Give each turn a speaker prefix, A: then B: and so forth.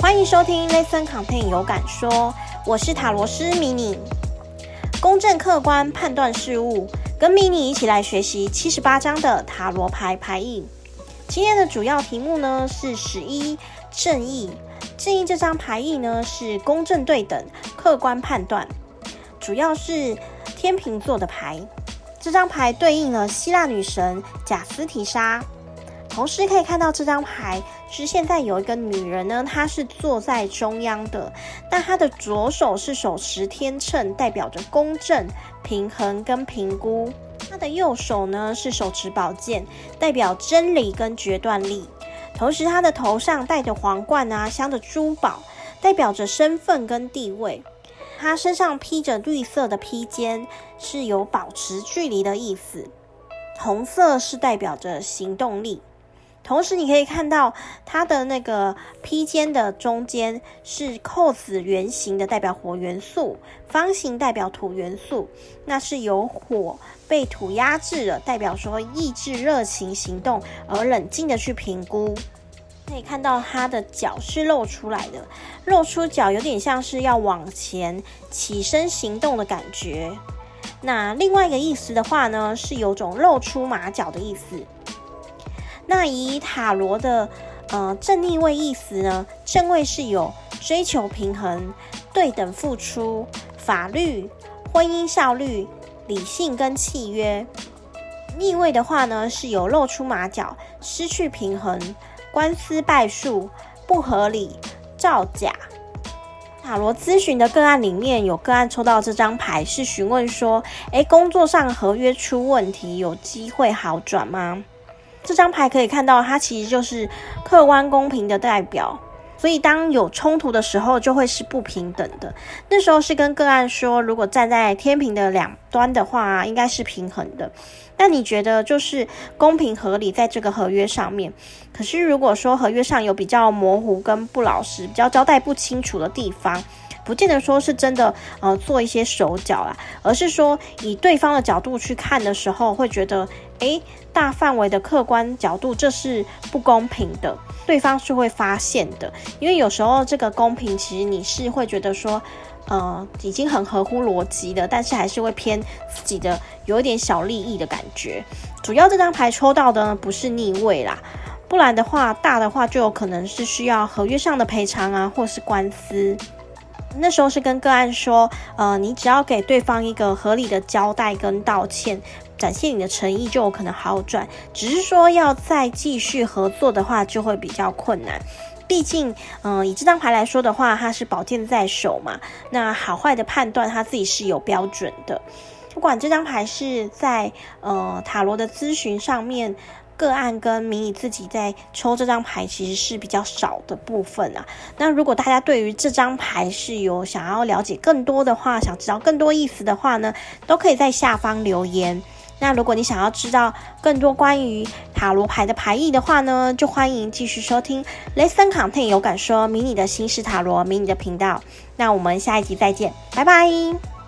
A: 歡迎收聽 Listen Content 有感說，我是塔羅師迷你，公正客觀判斷事物，跟迷你一起來學習七十八張的塔羅牌牌意。今天的主要題目呢是十一正義，正義這張牌意呢是公正對等、客觀判斷，主要是天秤座的牌。這張牌對應了希臘女神賈斯提莎。同時可以看到這張牌是現在有一個女人呢，她是坐在中央的，但她的左手是手持天秤，代表着公正、平衡跟評估；她的右手呢是手持寶劍，代表真理跟決斷力。同時，她的頭上戴着皇冠啊，鑲着珠寶，代表着身份跟地位。她身上披着綠色的披肩，是有保持距離的意思。紅色是代表着行動力。同時，你可以看到它的那個披肩的中間是扣子，圓形的代表火元素，方形代表土元素，那是由火被土壓制了，代表說抑制熱情行動而冷靜的去評估。可以看到它的腳是露出來的，露出腳有點像是要往前起身行動的感覺。那另外一個意思的話呢，是有種露出馬腳的意思。那以塔羅的，呃，正逆位意思呢？正位是有追求平衡、對等付出、法律、婚姻效率、理性跟契約。逆位的話呢，是有露出馬腳、失去平衡、官司敗訴、不合理、造假。塔羅諮詢的個案裡面有個案抽到這張牌，是詢問說，欸，工作上合約出問題，有機會好轉嗎？這張牌可以看到，它其實就是客觀公平的代表。所以當有衝突的時候，就會是不平等的。那時候是跟個案說，如果站在天平的兩端的話啊，應該是平衡的。那你覺得就是公平合理在這個合約上面？可是如果說合約上有比較模糊跟不老實、比較交代不清楚的地方。不見得說是真的，呃，做一些手腳啦，而是說以對方的角度去看的時候，會覺得，哎、欸，大範圍的客觀角度這是不公平的，對方是會發現的。因為有時候這個公平，其實你是會覺得說，呃，已經很合乎邏輯的，但是還是會偏自己的有一點小利益的感覺。主要這張牌抽到的呢，不是逆位啦，不然的話大的話就有可能是需要合約上的賠償啊，或是官司。那時候是跟個案說，呃，你只要給對方一個合理的交代跟道歉，展現你的誠意，就有可能好轉。只是說要再繼續合作的話，就會比較困難。畢竟，嗯、呃，以這張牌來說的話，它是寶劍在手嘛，那好壞的判斷它自己是有標準的。不管這張牌是在呃塔羅的諮詢上面。個案跟迷你自己在抽這張牌，其實是比較少的部分啊。那如果大家對於這張牌是有想要了解更多的話，想知道更多意思的話呢，都可以在下方留言。那如果你想要知道更多關於塔羅牌的牌意的話呢，就歡迎繼續收聽雷森卡 t 有感說迷你的新式塔羅迷你的頻道。那我們下一集再見，拜拜。